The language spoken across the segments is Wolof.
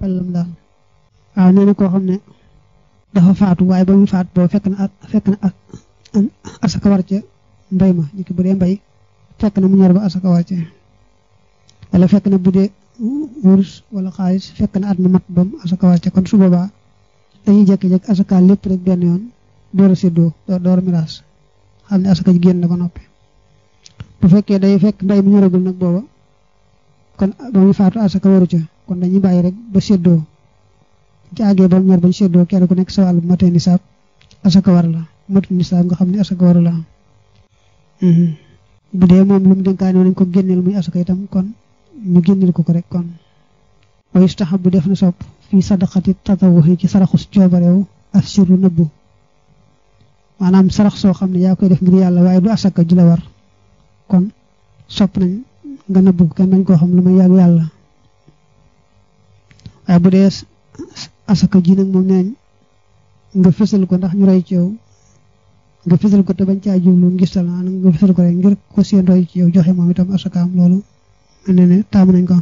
wàllum daal waaw nee koo xam ne dafa faatu waaye ba mu faatu boobu fekk na at fekk na ak asaka war ca mbay ma ñu ki bu dee mbay fekk na mu ñor ba asaka war ca fekk na bu wala xaalis fekk na at mu mat ba mu kon su boobaa dañuy jekki jékki asaka lépp rek benn yoon door a xam ne asaka ji génn na ba noppi bu fekkee day fekk mbay mu ñoragul nag booba kon ba mu faatu asaka waru ca kon dañuy bàyyi rek ba séddoo ci àggee ba ñor bañ seddoo kenn ku nekk sa wàllu matee nisaab asaka war la matu nisaab nga xam ne asaka war la mm-hmm. bu dee moom lu mu dénkaane nañ ko génneel muy asaka itam kon ñu génneel ko ko rek kon wa yustaxab bu def na sopp fii sadaqati tatawuxi ci saraxus coobareew assiru nëbbu maanaam sarax soo xam ne yaa koy def ngir yàlla waaye du asaka ju la war kon sopp nañ nga nëbbu kenn dañ koo xam lu may yàgg yàlla waaye bu dee asaka ji nag moom nee nga fësal ko ndax ñu roy ci yow nga fësal ko te bañ caa jublu ngistal maanaam nga fësal ko rek ngir ko seen roy ci yow joxe moom itam asakaam loolu nee taamu nañ ko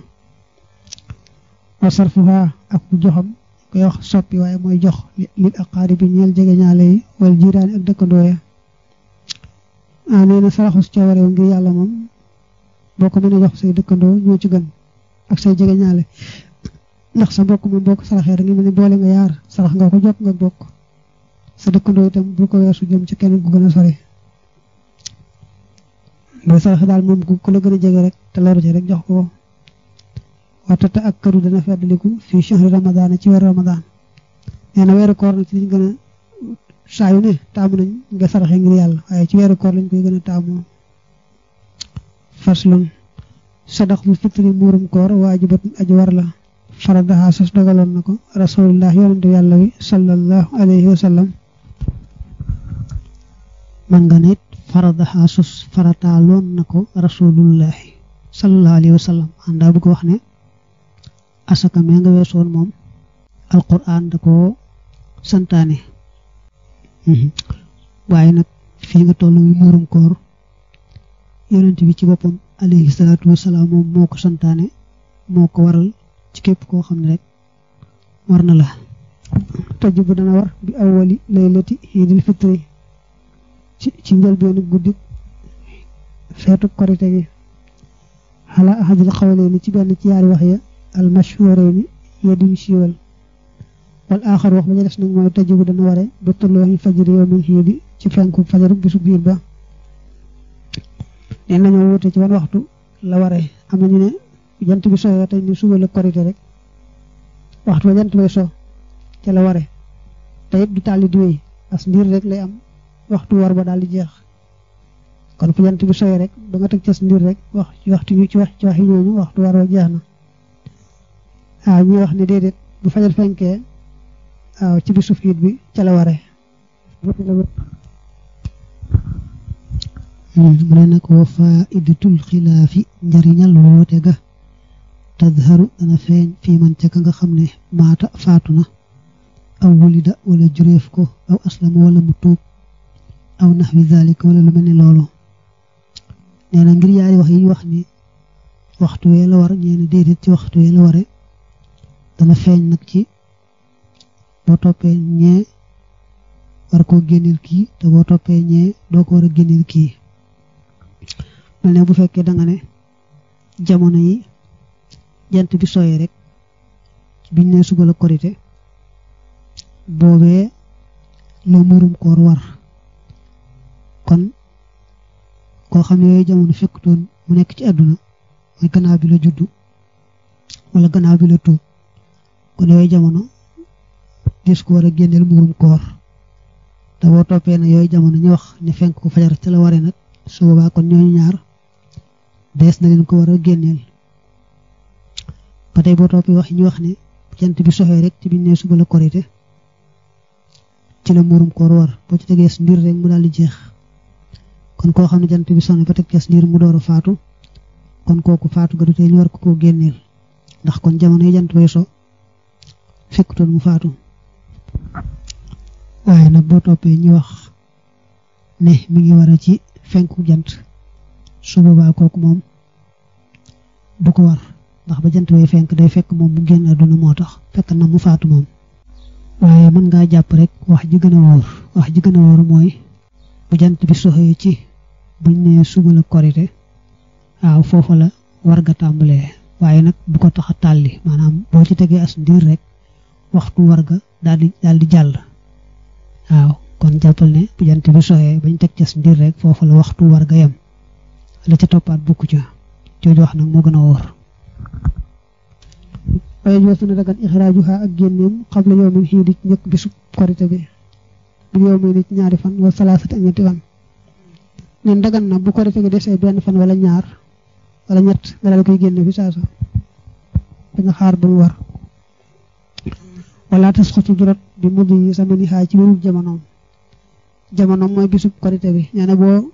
wasarfuha ak joxam koy wax soppi waaye mooy jox lil aqaari bi ñeel jege ñaale yi wala jiiraani ak dëkkandoo ya ah nee na saraxus coobarew ngir yàlla moom boo ko mënee jox say dëkkandoo ñoo ci gën ak say jege ñaale ndax sa mbokk moom boo ko saraxee da nga ni boole nga yaar sarax nga ko jot nga bokk sa dëkkandoo itam bu ko weesu jëm ci kenn ku gën a sori booy saraxee daal moom ku la gën a jege rek te la ci rek jox ko te ak këru dana feddaliku fii chahri ramadaan ci weeru ramadaan nee na weeru koor nag ci liñ gën a saayu ne taamu nañ nga saraxee ngir yàlla waaye ci weeru koor lañ koy gën a taamu faslun sadax bu fitri muurum koor waajibat aju war la faradaha sos dogaloon na ko rasulullah alayhi wa sallam man nga nit faradaha sos farataaloon na alayhi wa sallam àndaa bu wax ne asaka mee nga weesoon moom alquran da ko santaane mhm. waaye nag fii nga toll wi koor yonent bi ci boppam alayhi salaatu wasalaam moom moo ko santaane moo ko waral ci képp koo xam ne rek war na la tajibu dana war bi awwali laylati iidil fitri ci ci njëlbeenu guddi feetu korite gi ala ahadil xawleeni ci benn ci yaari wax ya al mashhureeni ya duñ siiwal wal aaxar wax ba ñu des nag mooy tajibu dana ware bi tulluwaayu fajri yawmil iidi ci fenku fajaru bisu biir ba nee nañoo wute ci wan waxtu la ware am na ñu ne jant bi soowee tey ni suba la korite rek waxtu ba jant bay so ca la ware te it du tàlli di wéy as ndiir rek lay am waxtu war ba daal di jeex kon fu jant bi soowee rek ba nga teg ca as rek wax ci waxtu ñu ci wax ci waxi ñooñu waxtu war ba jeex na waaw ñuy wax ne déedéet bu fajar fenkee waaw ci bisu fiit bi ca la ware mu ne nag wa faa idatul tadharu dana feeñ fii man ca ka nga xam ne maata faatu na aw wulida wala jureef ko aw aslama wala mu tuub aw naxwi zalika wala lu mel ni loolu nee ngir yaari wax yi wax ni waxtu wee la war ñee ne déedéet ci waxtu wee la ware dana feeñ nag ci boo toppee ñee war koo génneel kii te boo toppee ñee doo ko war a génneel kii mel ne bu fekkee danga nga ne jamono yi jant bi sooyee rek ci biñ ne suba la korite boobee la murum koor war kon koo xam ne yooyu jamono fekkutoon mu nekk ci àdduna mooy gannaaw bi la juddu wala gannaaw bi la tuub kon yooyu jamono dis ko war a génneel murum koor te boo toppee na yooyu jamono ñu wax ne fenk ko fajar ci la waree nag su boobaa kon ñooñu ñaar dees na leen ko war a génneel ba tey boo toppee wax yi ñu wax ne jant bi soxee rek ci biñ ne suba la korite ci la muurum koor war boo ci tegee ndiir rek mu daal di jeex kon koo xam ne jant bi sonné ba teg ci ndiir mu door faatu kon kooku faatu ga du tey ñu war ko koo génneel ndax kon jamono yi jant bay so fekkutoon mu faatu waaye nag boo toppee ñu wax ne mi ngi war ci fenku jant su boobaa kooku moom du ko war ndax ba jant bay fenk day fekk moom mu génn àdduna moo tax fekk na mu faatu moom waaye mën ngaa jàpp rek wax ji gën a wóor wax ji gën a wóor mooy bu jant bi soxee ci buñ nee suba la korite la war nga waaye nag bu ko tax a tàlli maanaam boo ci tegee as ndiir rek waxtu war nga daal di di jàll waaw kon jàppal ne bu jant bi soxee bañ teg ci as ndiir rek foofa la waxtu war nga yem la ca toppaat bukk ca jooju wax nag moo gën a wóor fa yajuuzu na dagan ixraajuha ak génneem xabla yawmin xiidi njëkk bisu korite bi bu yawmin ni ñaari fan wala salaasati ak ñetti fan nen dagan na bu korite gi desee benn fan wala ñaar wala ñett koy génne fi saasa xaar ba mu war wala tas xutu durot bi mudd yi samani xaa ci wérul jamonoom jamonoom mooy bisub korite bi nee na boo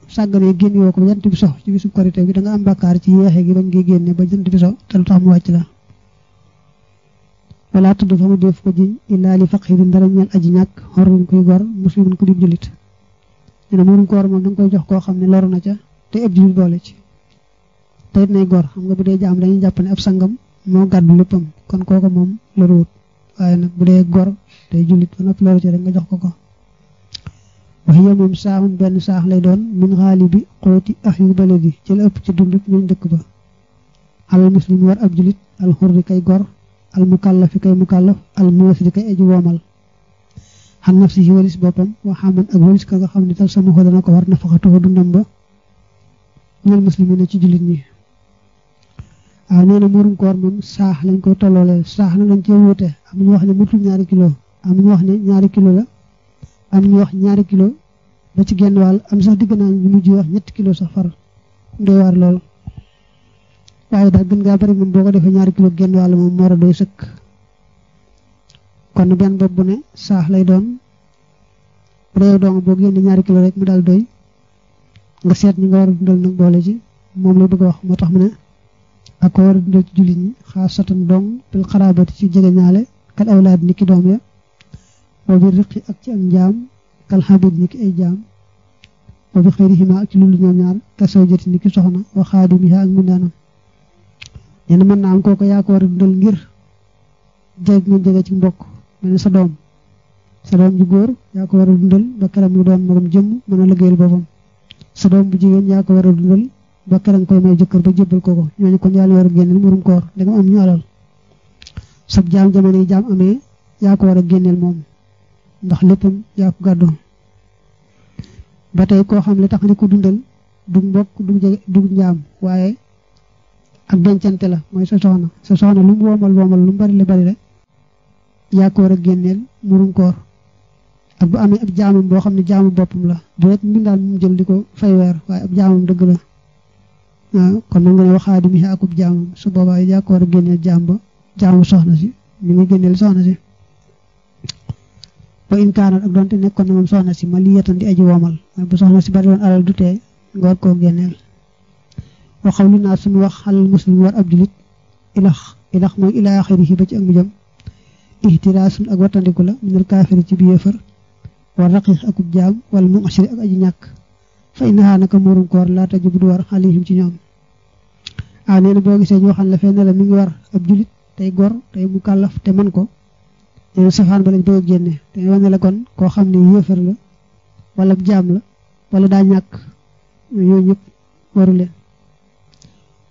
génn yoo ko ba jant bi sox ci bisub korite bi da nga am bàkkaar ci yeexe gi bañ ngi génne ba jant bi sox te lu tax mu wàcc la wala tudd fa mu def ko ji illaa li faqirin dara ñeel aji ñàkk xormin kuy gor muslimin ku dib jullit nee na murum koor moom da koy jox koo xam ne loru na ca te ëpp jullit boole ci te nay gor xam nga bu dee jaam dañuy jàpp ne ab sangam moo gàddu léppam kon kooku moom loruwut waaye nag bu dee gor tey jullit ba noppi loru nga jox ko ko wax yéen moom saaxun benn saax lay doon min xaali bi xooti ax yu baladi ci la ëpp ci dundub ñuñ dëkk ba alal muslim war ab jullit kay gor al mukallafi kay mukallaf al muwasidi kay aju woomal si ci walis boppam waxaaman ak walis ka nga xam ne tal sama xoo dana ko war nafaxatuhu dundam ba minal muslimina ci jullit ñi waaw ah, nee na murum koor moom saax lañ koy tolloolee saax na dañ cee wuute am ñu wax ne mutul ñaari kilo am ñu wax ne ñaari kilo la am ñu wax ñaari kilo ba ci genn wàll am sax digg naa ñu mujj wax ñetti kilo sax far ndoy waar lool waaye daal gën ngaa bari moom boo ko defee ñaari kilo génn wàll moom moo war a doy sëkk kon benn bopp bu ne saax lay doon bu dee doom boo génne ñaari kilo rek mu daal doy nga seet ñi nga war a dundal nag boole ci moom lay bëgg a wax moo tax mu ne ak ko war a dundal ci jullit ñi xaasatan doom bil xaraabati ci jege ñaale kal awlaad ni ki doom ya wa bi riqi ak ci ak njaam kal xabit ni ki ay jaam wa bi xëyri hima ak ci lu ñoom ñaar ka sawjati ni nee na mën naa am kooku yaa ko war a dundal ngir jege nga jege ci mbokk mel ni sa doom sa ju góor yaa ko war a dundal ba keram mu doon magam jëmm mën a liggéeyal boppam sa doom bu jigéen yaa ko war a ba keram koy may jëkkër ba jébbal ko ko ñooñu kon yàlla war a génneel murum koor da nga am ñu alal sab jaam jamono yi jaam amee yaa ko war a génneel moom ndax léppam yaa ko gàddu ba tey koo xam ne tax ni ko dundal du mbokk du jege waaye ak dencante la mooy sa soxna sa soxna lu woomal woomal lu bari la bari rek yaa ko génneel murum koor ak bu amee ak jaamam boo xam ne jaamu boppam la du rek mbindaan mu jël di ko fay weer waaye ab jaamam dëgg la kon mën nga ne waxaadi su boobaa yaa ko war a jaamu soxna si mu ngi génneel soxna si ba inkaanal ak donte nekkoon na moom soxna si ma lii yatan di aji woomal bu soxna si bari woon alal du tee nga war koo génneel wa xawli naa su suñu wax xalal muslim war ab julit ilax ilax mooy ilaa xirihi ba ci ak mujjam ihtiraasun ak wattandiku la minal kaafiri ci bi biyeefar war raqiix akub jaam wala mu'siri ak aji ñàkk fa innahaa naka muurum koor laata jub du war xalihim ci ñoom ah nee boo gisee ñu waxal la fee ne la mi ngi war ab julit tey gor tey mu kàllaf te man ko nee na safaan ba lañ bëgg a génne te wane la kon koo xam ne yéefar la wala jaam la wala daa ñàkk yooyu ñëpp waru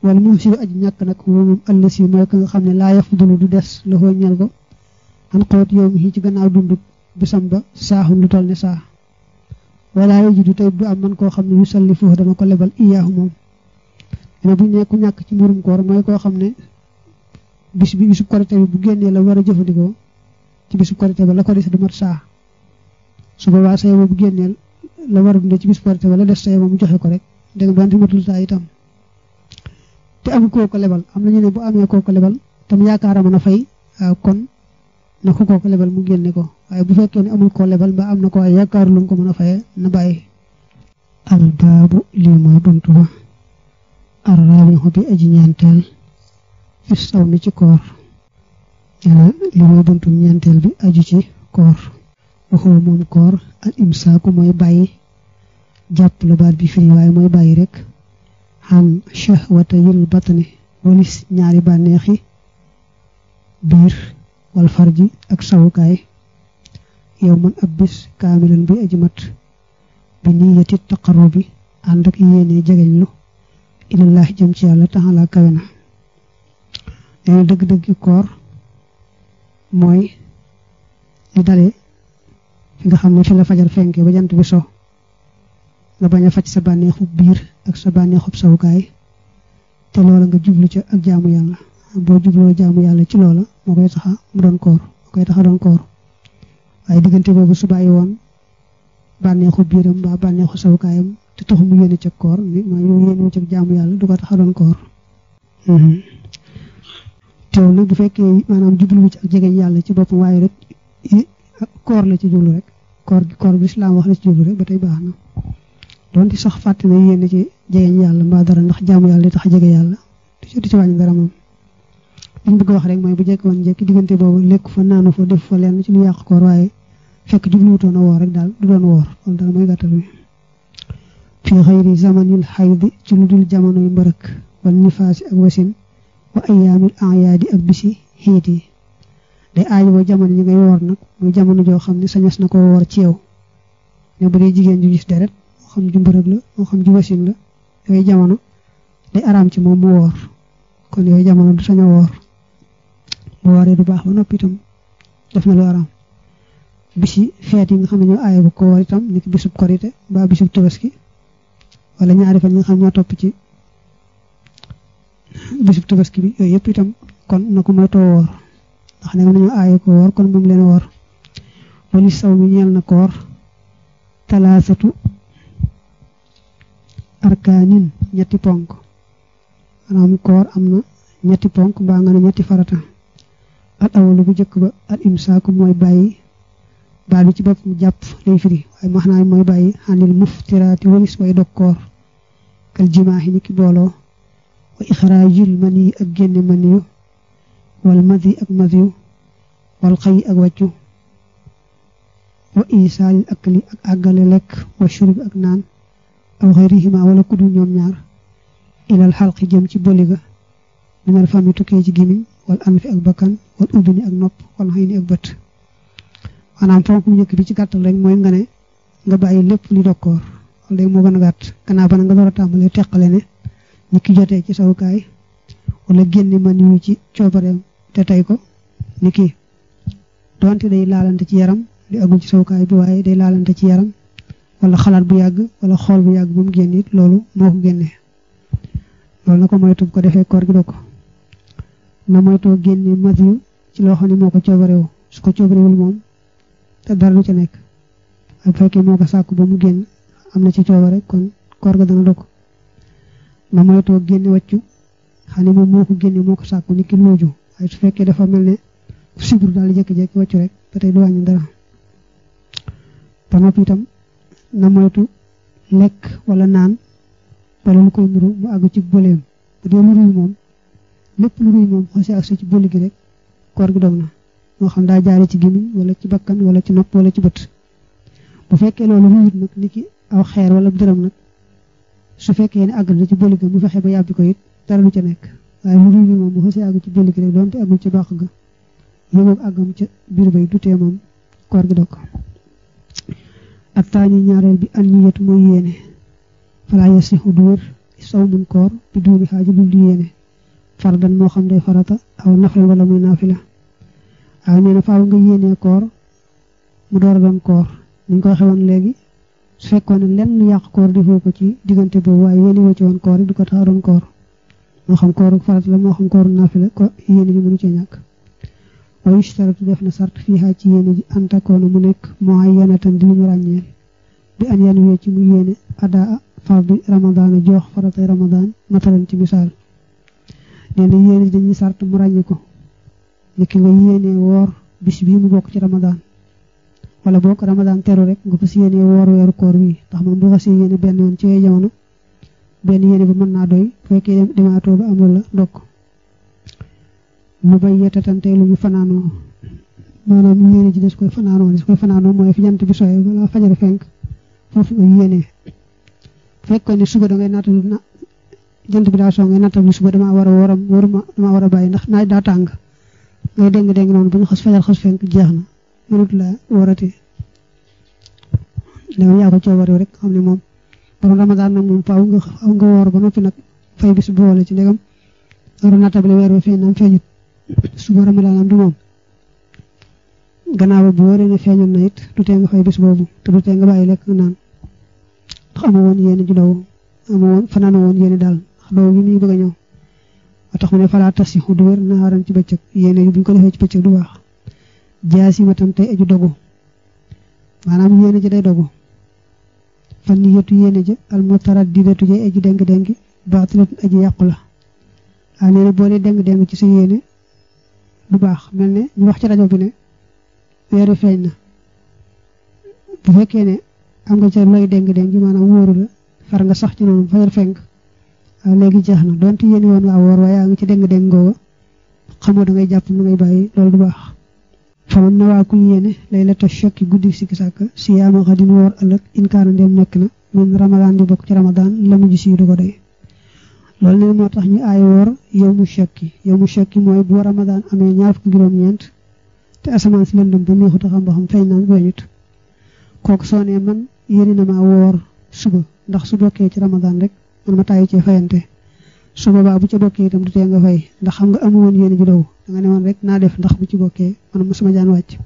wal muhsiru aji ñàkk nag moom ëllës yi mooy ka nga xam ne laa yafdulu du des la foo ñel ko an xawat yow mi ci gannaaw dundub bisam ba saaxun lu toll ne saa walaa yoji du tey du am man koo xam ne yu salli foofu dama ko lebal iyaahu moom dana bu ñekku ñàkk ci mbirum koor mooy koo xam ne bis bi bisub korité bi bu génnee la war a jëfandikoo ci bisub korité ba la ko des du mat saa su boobaa saye bu génneel la war a dundee ci bisub korité ba la des saye mu joxe ko rek dégg doon fi matul saa itam te am koo lebal am nañu ne bu amee kooku ko lebal tam yaakaara mën a fay euh, kon na ko koo lebal mu génne ko waaye bu fekkee ne amul koo lebal mbaa am na ko waaye yaakaar lu ko mën a fayee na bàyyi albaabu lii mooy bunt ba arrabixu bi aji ñeenteel fi saw mi ci koor yàlla lii mooy buntu ñeenteel bi aju ci koor waxoo moom koor al imsaaku mooy bàyyi jàpp la baat bi firi waaye mooy bàyyi rek an shahwata yul batani walis ñaari bànneexi biir wal farji ak sawukaay yow man ab bis kaamilan bi aji mat bi niyati taqarru bi ànd ak yéene jegeñ lu jëm ci yàlla taxalaa kawe na nee dëgg-dëggi koor mooy li dalee fi nga xam ne fi la fajar fenke ba jant bi so nga bañ faj sa bànneexu biir ak sa bànneexub sawukaay te loola nga jublu ca ak jaamu yàlla boo jubloo jaamu yàlla ci loola moo koy taxa mu doon koor moo koy taxa doon koor waaye diggante boobu su bàyyi woon bànneexu biiram mbaa bànneexu sawukaayam te tax mu ca koor ni mooy yéene yàlla du ko taxa doon mm-hmm. bu fekkee maanaam jubluwu ci ak jegeñ yàlla ci boppam waaye rek koor la ci jublu rek koor gi koor bi wax la ci jublu rek ba tey baax na doon di sax fàtte ne yéen ci jegeñ yàlla mbaa dara ndax jaamu yàlla di tax jege yàlla du ci du ci dara moom liñ bëgg wax rek mooy bu jekk woon jekki diggante boobu lekk fa naanu fa def fa lenn ci lu yàq koor waaye fekk jubluwutoon a woor rek daal du doon woor loolu daal mooy gàttal bi fi xayri zamanil xaydi ci lu dul jamonoy mbërëk wal nifaasi ak wasin wa ayaamil ayaadi ak bisi xiit yi day aaj jamono yi ngay woor muy jamono joo xam ne sañes na ko woor ci yow ne bu jigéen ju gis deret xam ju mbërëg la moo xam ju wasin la yooyu jamono day araam ci moom mu woor kon yooyu jamono du sañ a woor bu wooree du baax ba noppi itam def na lu araam bisi feet yi nga xam nañu ñoo aaye bu ko woor itam ni ki wala ñaari fan yi nga xam ci bisub tabaski bi itam kon na ko moytoo woor kon moom leen woor wali saw mi ñeel na koor talaasatu arkaanin ñetti ponk maanaam koor am na ñetti ponk mbaa nga ne ñetti farata al awalu bu njëkk ba al imsaaku mooy bàyyi baat bi ci bopp mu jàpp lay firi waaye maxnaam mooy bàyyi xanil muftiraati walis way dog koor kal jimaahi ni ki booloo wa ixraajul mani ak génne maniyu wal madi ak madiyu wal xëy ak wàccu wa isaalil akli ak àggale lekk wa shurbi ak naan aw xayrihima wala ku dul ñoom ñaar ilal xalqi jëm ci bëli ga minal fami tukkee ci gémmiñ wal an ak bakkan wal udduni ak nopp wal ni ak bët maanaam njëkk bi ci gàttal rek mooy nga ne nga bàyyi lépp li dokkoor loolu day moo gën a gàtt gannaaw ba nga door a tàmbalee teqale ne ni ki jotee ci sawukaay wala génne man yu ci coobareem te tey ko ni doonte donte day laalante ci yaram li agul ci sawukaay bi waaye day laalante ci yaram wala xalaat bu yàgg wala xool bu yàgg bu mu génn it loolu moo ko génnee loolu na ko moytu ko defee koor gi dog ko na moytoo génne masiw ci loo xam ne moo ko coobarewu su ko coobarewul moom te dara du nekk ak fekkee moo ko sàkku ba mu génn am na ci coobare kon koor ga dana dog na moytoo génne wàccu xam ne moom moo ko génne moo ko sàkku ni ki looju su fekkee dafa mel ne sibru daal jékki-jékki wàccu rek ba tey du wàññi dara ba itam na moytu lekk wala naan wala lu koy nuru mu àgg ci bëleem bu dee lu ruy moom lépp lu ruy moom xoosi ak ci bëli gi rek koor gi dog na moo xam daa jaare ci gémmiñ wala ci bakkan wala ci napp walla ci bët bu fekkee loolu ruyut nag ni ki aw xeer wala jërëm nag su fekkee ne àgg na ci bëli ga mu fexe ba yàbbi ko it dara lu ca nekk waaye lu ruy moom bu xoosi àgg ci bëli gi rek doonte àggul ci dox ga yëgoog àggam ca biir bay dutee moom koor gi dog ak taañu ñaareel bi an niyat mooy yéene si yasixu du wér saw mun koor bi duuni xaaji lu di yéene fardan moo xam day farata aw nafla wala muy naafila waaw nee na nga yéenee koor mu door a doon koor ni ñu ko waxee woon léegi su fekkoon ne lenn yàq koor defoo ko ci diggante boobu waaye yéene woo ci woon koor yi du ko tax a doon koor moo xam kooru farata la moo xam kooru naafila ko yéene ji mënu cee ñàkk aw yushtaratu def na sart fii haa ci yéene ji an mu nekk muayyanatan di lu ñu ràññeel bi an yan wee ci mu yéene adaa fardi ramadaana joox faratay ramadaan matalan ci misaal nee na yéene ji dañuy sart mu ràññi ko ni ki nga yéene woor bis bii mu bokk ci ramadaan wala boo ko ramadaan teru rek nga fas yéene woor weeru koor wi ndax moom bu xasee yéene benn yoon ci yooyu benn yéene bi mën naa doy bu fekkee demaatoo ba amul la ndokk mu bay yetatante lu ñu fanaanoo maanaam yéene ji des koy fanaanoo des koy fanaanoo mooy fi jant bi sooyee balaa fajar foofu nga yéene fekkoon ne suba da ngay na jant bi daa soo ni suba damaa war a war a waruma war a bàyyi ndax naaj daa tàng ngay déng déng noonu bu ñu xas fajar xas fenk jeex na mënut la warati dama yaa ko coobaree rek xam ne moom borom ramadaan nag moom faaw nga woor ba noppi nag fay bis boole ci ndegam war a nattable weer ba feeñ nam feeñut su borom a daal am du moom gannaaw bu wóoree ne feeñal na it du tee nga fay bis boobu te du tee nga bàyyi lekk naan ndax amu woon yéen ju daw amu woon fanaanu woon yéen daal ndax daw bi muy a ñëw ba tax ne falaa tas yi du wér naaran ci bëccëg yéen yu buñ ko defee ci bëccëg du waax jaas yi ma tam tey aju dogu maanaam yéen ji day dogu fan yi yetu yéen ji almutarat di detu ji aji deng dengi baatilatu aji yàqu la waaw nee boo de deng ci sa yéene bu baax mel ni mu wax ci rajo bi ne weeru feeñ na bu fekkee ne am nga ca looy déng-déng maanaam wóoru la far nga sax ci noonu ba weer fenk ah, léegi jeex na donte yéen woon nga woor waaye yaa ngi ci déng-déng googa xamoo da ngay jàpp nu ngay bàyyi loolu du baax. faman na waa ku yéene laylata shakki guddi sikki sàkk si yaama xadin woor ëllëg inkaana ndem nekk na min ramadaan di bokk ci ramadaan la mujj si du ko doy. loolu leen moo tax ñu aay woor yow mu chakki yow mu ki mooy bu war ramadaan amee ñaar fukki juróom-ñeent te asamaan si lëndëm ba neexut a xam ba xam feeñ na weñut kooku soo nee man yéene na woor suba ndax su bokkee ci ramadaan rek man ma tàyyi ci fayante su bu ci bokkee itam du tee nga fay ndax xam nga amu woon yéene ji dow da nga ne woon rek naa def ndax bu ci bokkee man ma sama jaan wàcc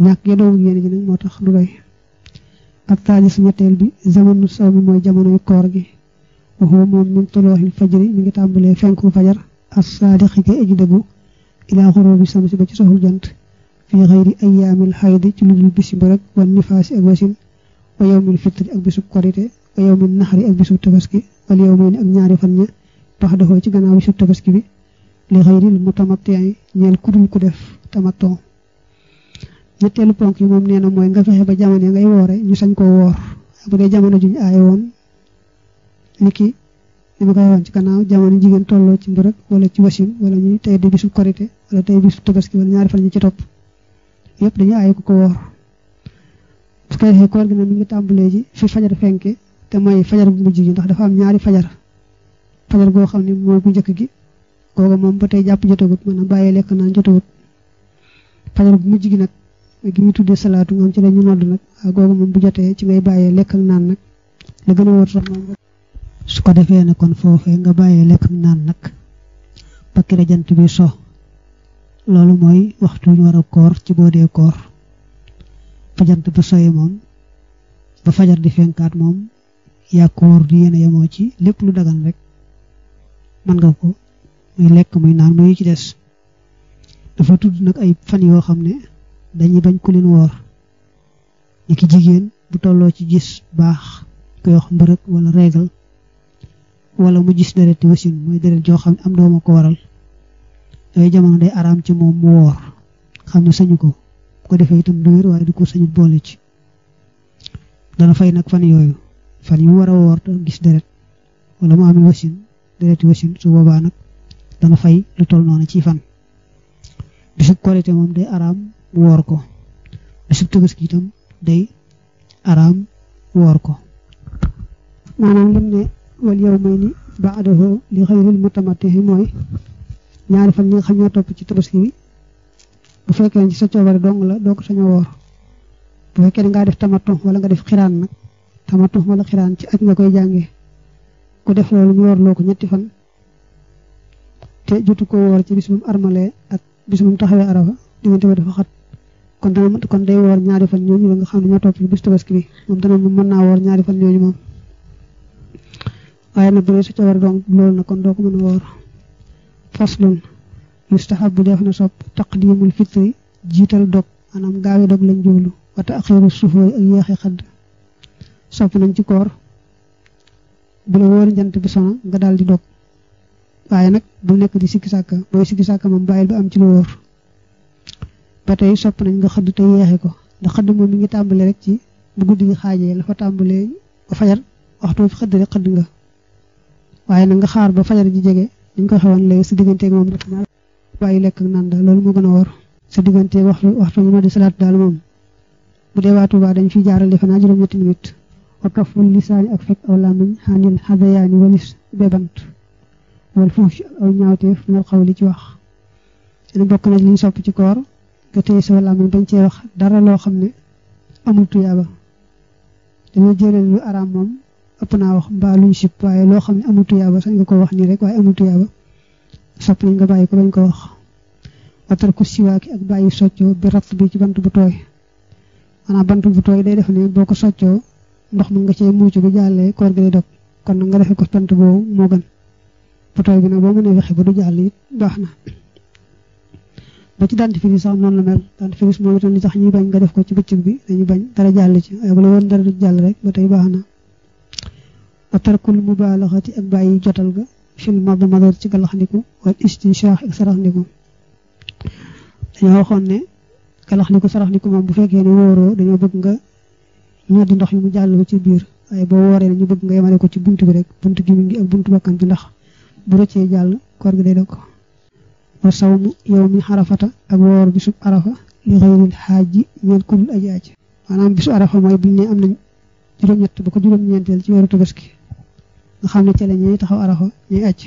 ñàkk ya dow yéene ji moo tax du doy ak taalis ñetteel bi zamanu sawmi mooy jamonoy koor gi waxoo moom min tolooxil fajri mi ngi tàmbalee fenku fajar as saadiqi kay aji dëggu ilaa xurubi samsi ba ci soxul jant fii xëyri ayaamil xaydi ci lu dul bisi mbarag wan nifaasi ak wasin wa yawmil fitri ak bisub korite wa yawmil naxari ak bisub tabaski wal yawmayni ak ñaari fan ña bax doxoo ci gannaaw bisub tabaski bi li xëyril mutamatti'i ñeel kudul ku def tamaton ñetteelu ponk yi moom nee na mooy nga fexe ba jamono ngay woore ñu sañ koo woor bu dee jamono juñ aaye woon niki li ma koy waxoon ci kannaaw jamono jigéen tolloo ci mbërëg wala ci wasin wala ñu tey di bisu korité wala tey bisu tabaski wala ñaari fan ñu ci topp yëpp dañu ku ko woor su ko defee koor gi nag fi fajar fenke te mooy fajar bu mujj gi ndax dafa am ñaari fajar fajar goo xam ne moo bu njëkk gi kooku moom ba tey jàpp jotagut maanaam bàyyee lekk naan jotagut fajar bu mu gi nag gi ñu tuddee salaatu moom ci la ñu nodd nag googu moom bu jotee ci ngay bàyyee lekk ak naan nag la gën a wóor sax moom su ko defee ne kon foofee nga bàyyi lekk naan nag ba kere jant bi so loolu mooy waxtu ñu war a koor ci boo dee koor fa jant ba moom ba fajar di fenkaat moom yaa koor di yéene yemoo ci lépp lu dagan rek mën nga ko muy lekk muy naan muy ci des dafa tudd nag ay fan yoo xam ne dañuy bañ ku leen woor ni ki jigéen bu tolloo ci gis baax koy wax mbërëg wala régal wala mu gis dereti wasin mooy deret joo xam ne am dooma ko waral yooyu jamono day araam ci moom mu woor xam ne sañu ko bu ko defee itam du wér waaye du ko sañu boole ci dana fay nag fan yooyu fan yu war a woor te gis deret wala mu am wasin dereti wasin su boobaa nag dana fay lu toll noonu ci fan bisub korite moom day araam woor ko bisub tabaski itam day araam woor ko wal yawmayni ba'dahu li ghayril mutamatti'i mooy ñaari fan yi nga xam ñoo topp ci tabaski bi bu fekkee ci sa coobare dong la doo ko sañoo woor bu fekkee dangaa def tamattu wala nga def xiraan nag tamattu wala xiraan ci aj nga koy jàngee ku def loolu ñu warloo ko ñetti fan te jotu ko woor ci bis bu ak bis bu mu taxawee arafa diggante ba dafa xat kon dana ñaari fan ñooñu la nga xam ne ñoo topp ci tabaski bi moom dana mën naa woor ñaari fan ñooñu moom waaye nag bu dee sa cawar na kon doo ko mën a woor faslun yustahabu def na sopp taqdimul fitri jiital dog maanaam gaawe dog lañ jublu wa taaxiru suxóor ak yéexi nañ ci koor bu la bi sono nga daal di dog waaye nag bu nekk di sikki sàkka booy sikki sàkka moom bàyyil ba am ci lu wóor ba tey sopp nañ nga xëdd te yeexe ko ndax xëdd moom mi ngi tàmbale rek ci bu guddi gi xaajee la fa tàmbalee fajar waxtu fi xëdd rek xëdd nga waaye nag nga xaar ba fajar ji jege dañ ko xewoon léegi sa digganteeg moom rek naa bàyyi lekk ak naan daal loolu moo gën a war sa digganteeg waxtu waxtu mu di salaat daal moom bu dee waa Tuuba dañ fiy jaarale fanaa juróom-ñetti minute wa kaful lisaani ak fekk aw làmmiñ xaanil xadayaani walis bebant wal fuush aw ñaawteef nal xaw li ci wax dina bokk na sopp ci koor nga téye sa làmmiñ bañ cee wax dara loo xam ne amul tuyaaba dañoo jëlee lu araam moom ëpp naa wax mbaa luñ sib waaye loo xam ne amul tuyaaba sañ nga ko wax nii rek waaye amul tuyaaba sopp nañ nga bàyyi ko bañ ko wax watar ku siwaaki ak bàyyi soccoo bi ratt bi ci bant bu tooy maanaam bant bu tooy day def ne boo ko soccoo ndox mën nga cee muucu bu jàllee koor gi day dog kon nag nga defee ko bant boobu moo gën bu bi nag boo mënee waxe ba du jàll it baax na ba ci dentifrice sax noonu la mel dentifrice moom itam li tax ñuy bañ nga def ko ci bëccëg bi dañu bañ dara jàll ci waaye bu la woon dara du jàll rek ba tey baax na wa tarkul mubaalaxati ak bàyyi jotal ga fil madmadati ci galaxndiku wal istinshaax ak saraxndiku dañoo waxoon ne galaxndiku saraxndiku moom bu fekkee ne wóoroo dañoo bëgg nga ñoddi ndox yi mu jàll ko ci biir waaye boo wooree ne ñu bëgg nga yemale ko ci bunt bi rek bunt gi mi ngi ak bunt bakkan bi ndax bu rëccee jàll koor gi day dog wa sawmu yow mi xarafata ak woor bisub arafa li xëyril xaaj ji ñeen kudul aji aj maanaam bisu arafa mooy buñ ne am nga xam ne ca la ñuy taxaw arafa ñuy acc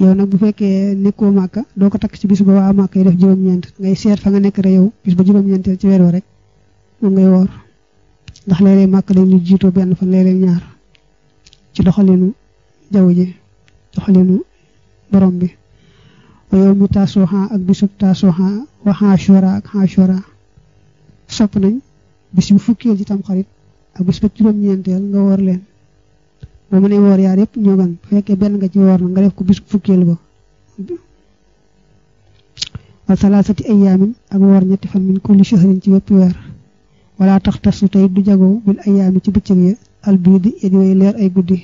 yow nag bu fekkee nekkoo màkka doo ko takk ci bis ba waa màkka yi def juróom-ñeent ngay seet fa nga nekk rek yow bis ba juróom-ñeenteel ci weer rek moom ngay woor ndax léeg-léeg màkka jiitoo benn fan léeg-léeg ñaar ci doxalinu jaww ji bi wa yow mi ak bisub taasuxa wa xaashura nañ bis bu fukkeel ci tamxarit ak bis ba juróom-ñeenteel nga woor leen boo mënee woor yaar yëpp ñoo gën bu fekkee benn nga ci woor na nga def ko bis fukkeelu ba wa salaasati ayaamin ak woor fan min kulli ci wépp weer wala tax tasu tey du jagoo bil ayaami ci bëccëg ya albiidi yedi way leer ay guddi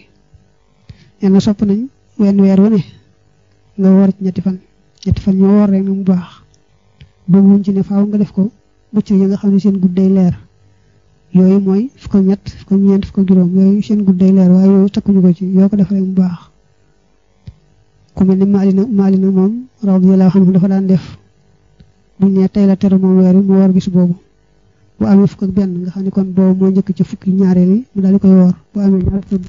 nee na sopp nañ wenn weer wu ne nga woor ci ñetti fan ñetti fan ñoo woor rek mu baax boobu ci ne faaw nga def ko bëccëg yi nga xam ne seen gudday leer yooyu mooy fukk ak ñett fukk ak ñeent fukk ak juróom yooyu seen gudday leer waaye yooyu takkuñu ko ci yoo ko defaree mu baax ku mel ni maalina maalina moom radiyallahu anhu dafa daan def bu ñu nee la teru moom weer boobu bu benn nga xam ne kon boobu moo njëkk ci fukki ñaareel yi di koy woor bu amee ñaar fukk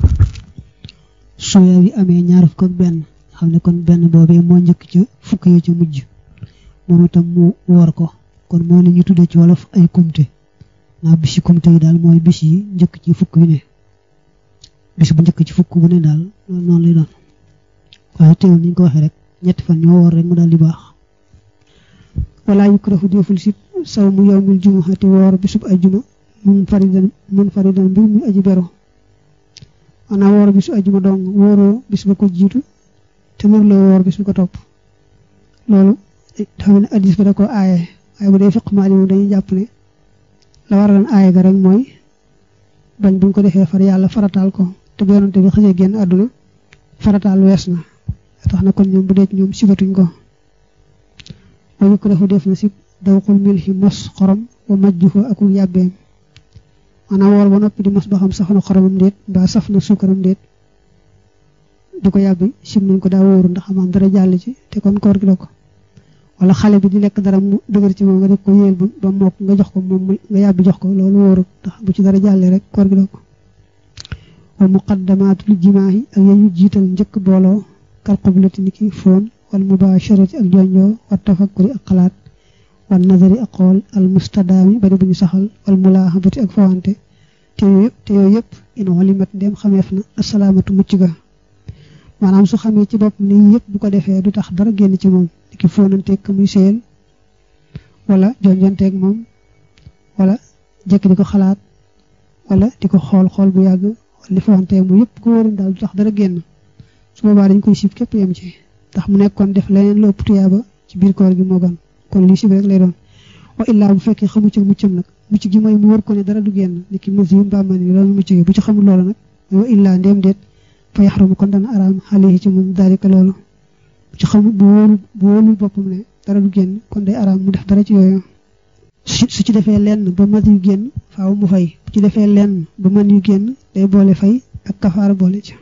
amee ñaar fukk benn xam ne kon benn boobee moo njëkk ci fukk yi ci mujj moom itam mu woor ko kon moo la ñu tuddee ci wolof ay kumte naa bis yi kumte yi daal mooy bis yi njëkk ci fukk yu ne bis bu njëkk ci fukk bu ne daal noonu lay doon waaye teewul ni ñu ko waxee rek ñetti fan ñoo woor rek mu daal di baax wala yukrahu deful sib saw mu yawmil jumuhati woor bisub ajjuma mun faridan mun faridan mbir mu aji bero maanaam woor bisu ajjuma dong wóoroo bis ba ko jiitu te mër loo woor bis bu ko topp loolu eh, dafa ne addis ba da ko aaye waaye bu dee fiq maali dañuy jàpp la waroon aaya ga rek mooy bañ buñ ko defee far yàlla farataal ko te bu yonante bi xësee génn àdduna farataal wees na tax na kon ñoom bu dee ci ñoom sifatuñ ko wa yukrahu def na sib dawqul milhi mos xorom wa majjuhu akul yàbbeem maanaam wool ba noppi di mos ba xam saf na xoromam ndéet mbaa saf na suukaram déet di ko yàgg sib nañ ko daa wóoru ndax amaam dara jàll ci te kon koor gi la ko wala xale bi di lekk dara mu dëgër ci moom nga def ko yéel ba mokk nga jox ko moom nga yàbbi jox ko loolu wóorut ndax bu ci dara jàllee rek koor gi doo ko wa muqaddamaatul jimaahi ak yañu jiital njëkk booloo kal qublati ni ki foon wal mubaasharati ak jonjoo wa tafakkuri ak xalaat wal nazari ak xool al mustadaami ba di bu ñu saxal wal ak fawante te yooyu yëpp in xolimat ndem xameef na asalaamatu mu mucc ga maanaam su xamee ci bopp ni yëpp bu ko defee du tax dara génn ci moom ki fóonanteeg ka muy seel wala jonjonteeg moom wala jekk di ko xalaat wala di ko xool xool bu yàgg li foonteeg mu yëpp ko wóorin daal du tax dara génn su boobaa dañ koy sib képp yam ci ndax mu nekkoon def leneen lu ëpp tuyaaba ci biir koor gi moo gën kon lii sib rek lay doon wa illaa bu fekkee xamu ci muccam nag ci gi mooy mu wër ko dara du génn ni ki masi mbaman yi loolu mucc gi bu ci xamul loolu nag wa illaa ndéem déet fa kon dana araam xale yi ci moom bu ci xamul bu wóorul bu wóorul boppam ne dara du génn kon day araam mu def dara ci yooyu su ci defee lenn ba mat yu génn faaw mu fay ci defee lenn ba man yu génn day boole fay ak kafaara boole ci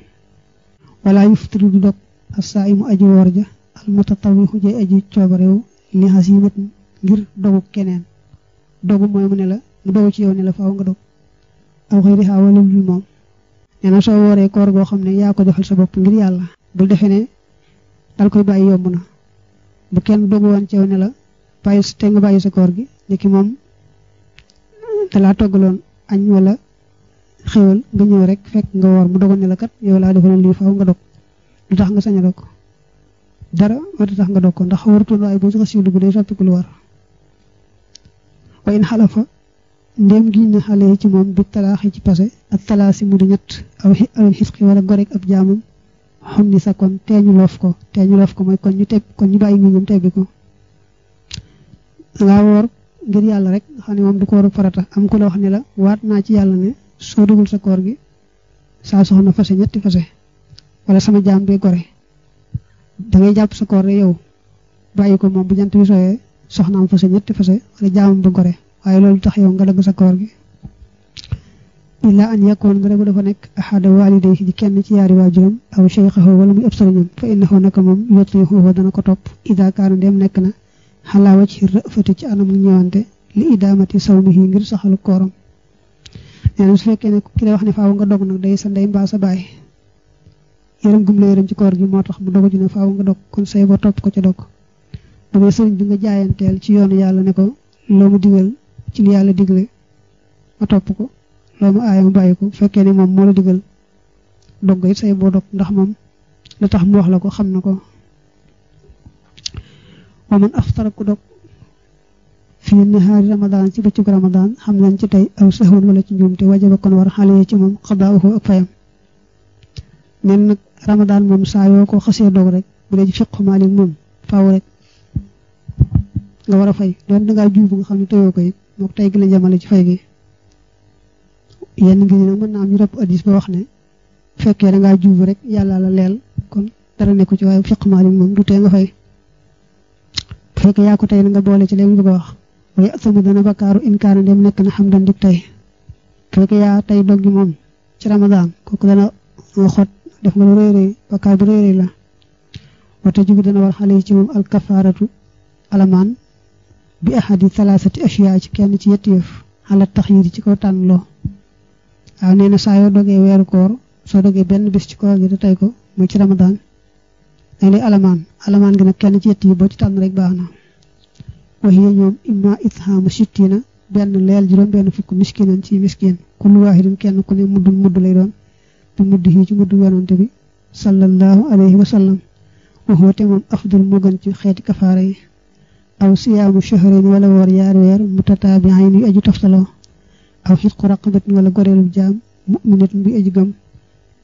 wala yuftiru du dog asaa imu aji woor ja almutatawixu jay aji coobarewu li xasimat ngir dogu keneen dogu mooy mu ne la mu dogu ci yow ne la faaw nga dog aw xëy di xaawalul moom nee na soo wooree koor goo xam ne yaa ko defal sa bopp ngir yàlla bul defee ne dal koy bàyyi yomb na bu kenn dogu woon ceew ne la bàyyi te nga bàyyi sa koor gi niki moom dalaa toggaloon añ wala xéwal nga ñëw rek fekk nga woor mu dogal ne la kat yow laa defaloon lii faaw nga dog lu tax nga sañ dog ko dara warut tax nga dog ko ndax warutoon waaye boo si xas bu dee soppiku lu war waaye in xalafa ndéem gi na xale ci moom bi talaaxi ci passé ak talaasi mu di ñett aw xisqi wala gorek ab jaamam xam ni sa kon teeñu loof ko teeñu loof ko mooy kon ñu teg kon ñu bàyyi ñu ñum tebbi ko nga woor ngir yàlla rek xam ne moom du kooru farata am ku la wax ne la waat naa ci yàlla ne soo dugul sa koor gi saa soxna fase ñetti fase wala sama jaam bi da ngay jàpp sa koor rek yow ko moom bu jant bi sooyee soxna am fase ñetti fase wala jaamam ba gore waaye loolu tax yow nga dagg sa koor gi illaa an yakkoon ndara bu dafa nekk ahada walidayhi di kenn ci yaari waajuram aw cheikhahu wala muy ëpp sëriñam fa innahu naka moom yutihuhu dana ko topp ida kaana dem nekk na xalaawa ci rëfati ci anamu ñëwante li idaamati sawmihi ngir saxalu kooram nee su fekkee ne ki la wax ne faaw nga dog nag day sa ndey mbaa sa baay yërëm gum la yërëm ci koor gi moo tax mu dogu ju ne faaw nga dog kon say ba topp ko ca dog damay sëriñ bi nga jaayanteel ci yoonu yàlla ne ko loo mu ci yàlla digle ma loolu aaya mu bàyyi ko fekkee ne moom moo la digal dogg it say boo dog ndax moom la tax mu wax la ko xam na ko wa man aftara ku dog fii nahaari ramadaan ci bëccëg ramadaan xam nañ ci tey aw saxoon wala ci njuumte wajaba kon war xale ci moom xadaawuhu ak fayam nen nag ramadaan moom saa yoo ko xasee dog rek bu dee ci fiqu maalik moom faaw rek nga war a fay doon dangaa juum nga xam ne tëyoo ko it mook tey gi ci fay gi yenn ngir nag mën naa am ñu addis ba wax ne bu fekkee da ngaa juub rek yàlla la leel kon dara nekku ci waaye fiq maalik moom du tee nga fay bu fekkee yaa ko tey na nga boole ci léegi ñu bëgg a wax waaye sama dana bakkaaru inkaana dem nekk na xam dan dik tey bu fekkee yaa tey dog gi moom ci ramadaan kooku dana xot def nga bu rëy rëy la wata jubi dana war xale yi ci moom alkafaaratu alamaan bi ahadi salaasati asiyaa ci kenn ci yetti yëf xalaat tax ci ko tànn waaw nee na saa yoo dogee weeru koor soo dogee benn bis ci koor gi te tey ko muy ci ramadaan dañ lay alamaan alamaan gi nag kenn ci yett yi boo ci tànn rek baax na wax yee ñoom imma ithaamu sittina benn leel juróom benn fukk miskinan ci miskin kullu waahidin kenn ku ne muddul mudd lay doon bi mudd yi ci mudd yonante bi sallallahu alayhi wa sallam waxoo te moom afdal moo ci xeeti kafaara yi aw siyaamu shahrin wala woor yaari weer mutataabi'ayn aw xitqu raqabatin wala goreelu jaam muminatin bi aji gëm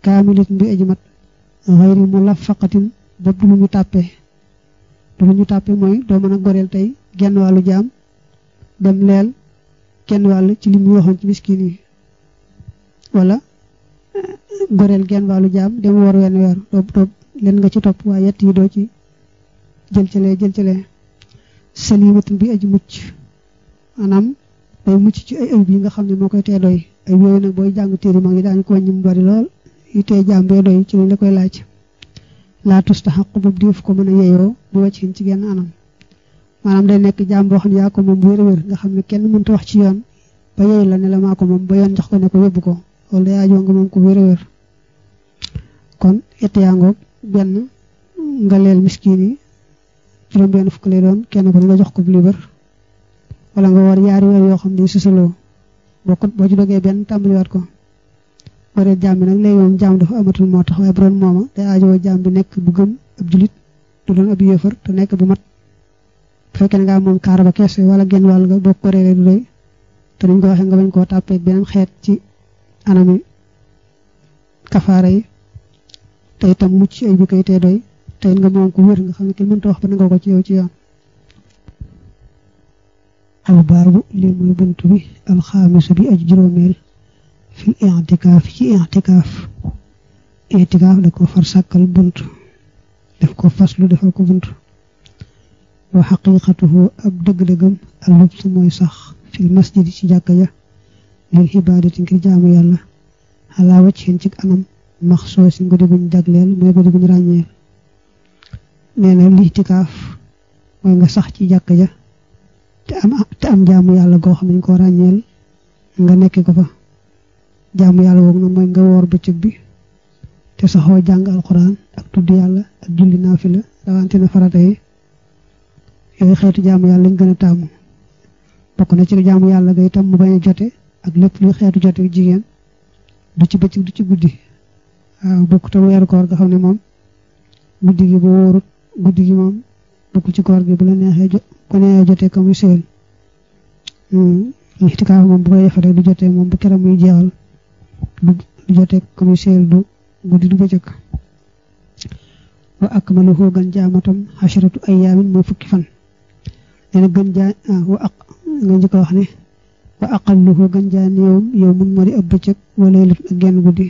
kaamilatin bi aji mat xayri mu lafaqatin bopp du lu ñu tàppe du lu ñu tàppe mooy doo mën a goreel tey genn wàllu jaam dem leel genn wàll ci li mu ci miskin yi wala goreel genn wàllu jaam dem war wenn weer leen nga ci topp waaye yett yi doo ci jël cëlee jël cëlee salimatin bi aji mucc day mucc ci ay ayib yi nga xam ne moo koy tee doy ay yooyu nag booy jàng téere mag yi daañu ko wàññi mu bari lool yu tee jàmbee doy ci lañ la koy laaj laa laatus ta xaq boobu def ko mën a yeyoo bu wàcc ci genn anam maanaam day nekk jaam boo xam yaa ko moom wér-wér nga xam ne kenn mënta wax ci yoon ba yooyu la ne la maa ko moom ba yoon jox ko ne ko yóbbu ko loolu day nga moom ko wér-wér kon yett yaa ngoog benn nga leel miskin yi juróom benn fukk lay doon kenn ko la jox ko bu libar wala nga woor yaari weer yoo xam ne susaloo boo ko boo ci dogee benn tàmbaliwaat ko waree jaam bi nag léegi moom jaam dafa amatul moo tax waaye bu doon mooma day aajowoo jaam nekk bu gëm ab julit du doon nekk bu mat bu fekkee moom kaara ba kees wala genn wàll nga boo ko reeree du doy te niñ ko waxee nga bañ koo tàppeeg benn xeet ci anami kafaara yi te itam mucc ay bi koy tee doy te nga moom ko wér nga xam ne kenn mënta wax ba nangoo ko ci yow ci yoon al baabu li mooy bunt bi alxaamisu bi aj juróomeel fi i'tikaaf ci i'tikaaf i'tikaaf da ko far sàkkal bunt daf ko faslu defal ko bunt wa xaqiiqatuhu ab dëgg-dëggam allubsu mooy sax fil masjidi ci jàkk ja lil xibaadati ngir jaamu yàlla xalaa wacc xeen ci anam maxsoo si guddi guñ jagleel mooy guddi guñ ràññeel nee li i'tikaaf mooy nga sax ci jàkk ja te am te am jaamu yàlla goo xam ne ko ràññeel nga nekk ko fa jaamu yàlla woog na mooy nga woor bëccëg bi te saxoo jàng alxuraan ak tudd yàlla ak julli naafila rawante na farata yi yooy xeetu jaamu yàlla lañ gën a taamu bokk na ci jaamu yàlla ga itam mu bañ a jote ak lépp luy xeetu jote jigéen du ci bëccëg du ci guddi waaw bokk tam weeru koor nga xam ne moom guddi gi bu wóorut guddi gi moom bokkul ci koor gi bu la neexee jo bu neexee jotee ka muy hmm, moom bu koy defee rek du jotee moom bu keroog muy jeexal du du jotee ka muy du guddi du bëccëg wa akmaluhu gën jaamatam xasharatu ayyaamin mooy fukki fan nee gën ah, wa ak nga njëkk wax ne wa aqalluhu gën jaa néew yow mun moo di ab genn guddi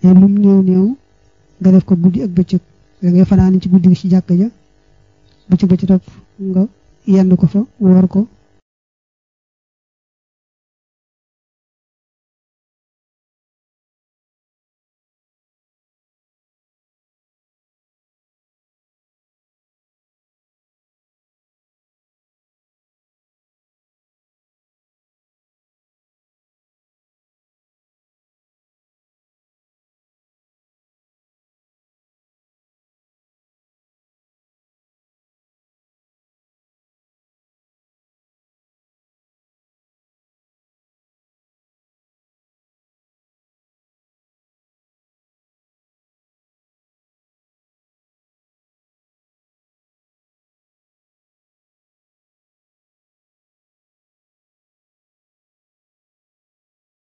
te lum néew def ko guddi ak bëccëg nga ngay ci guddi ci jàkk ja ba ci ba nga yendu ko fa woor ko